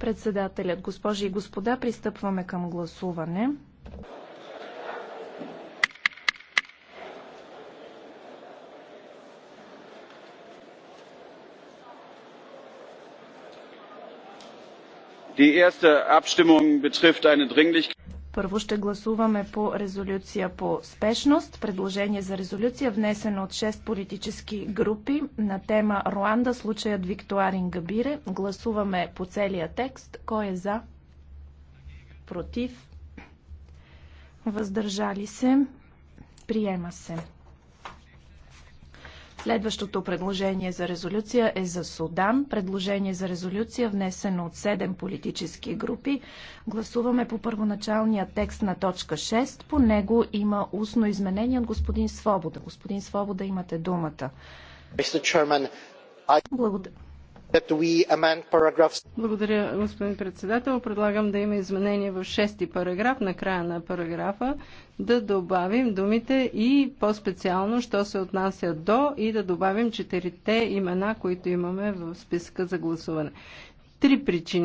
Председателят, госпожи и господа, пристъпваме към гласуване. Die erste Abstimmung betrifft eine Dringlichkeit. Първо ще гласуваме по резолюция по спешност. Предложение за резолюция, внесено от 6 политически групи на тема Руанда, случаят Викторин Габире. Гласуваме по целия текст. Кой е за? Против? Въздържали се? Приема се. Следващото предложение за резолюция е за Судан. Предложение за резолюция внесено от 7 политически групи. Гласуваме по първоначалния текст на точка 6. По него има устно изменение от господин Свобода. Господин Свобода, имате думата. Благодаря. Благодаря, господин председател. Предлагам да има изменение в шести параграф, на края на параграфа, да добавим думите и по-специално, що се отнася до и да добавим четирите имена, които имаме в списка за гласуване. Три причини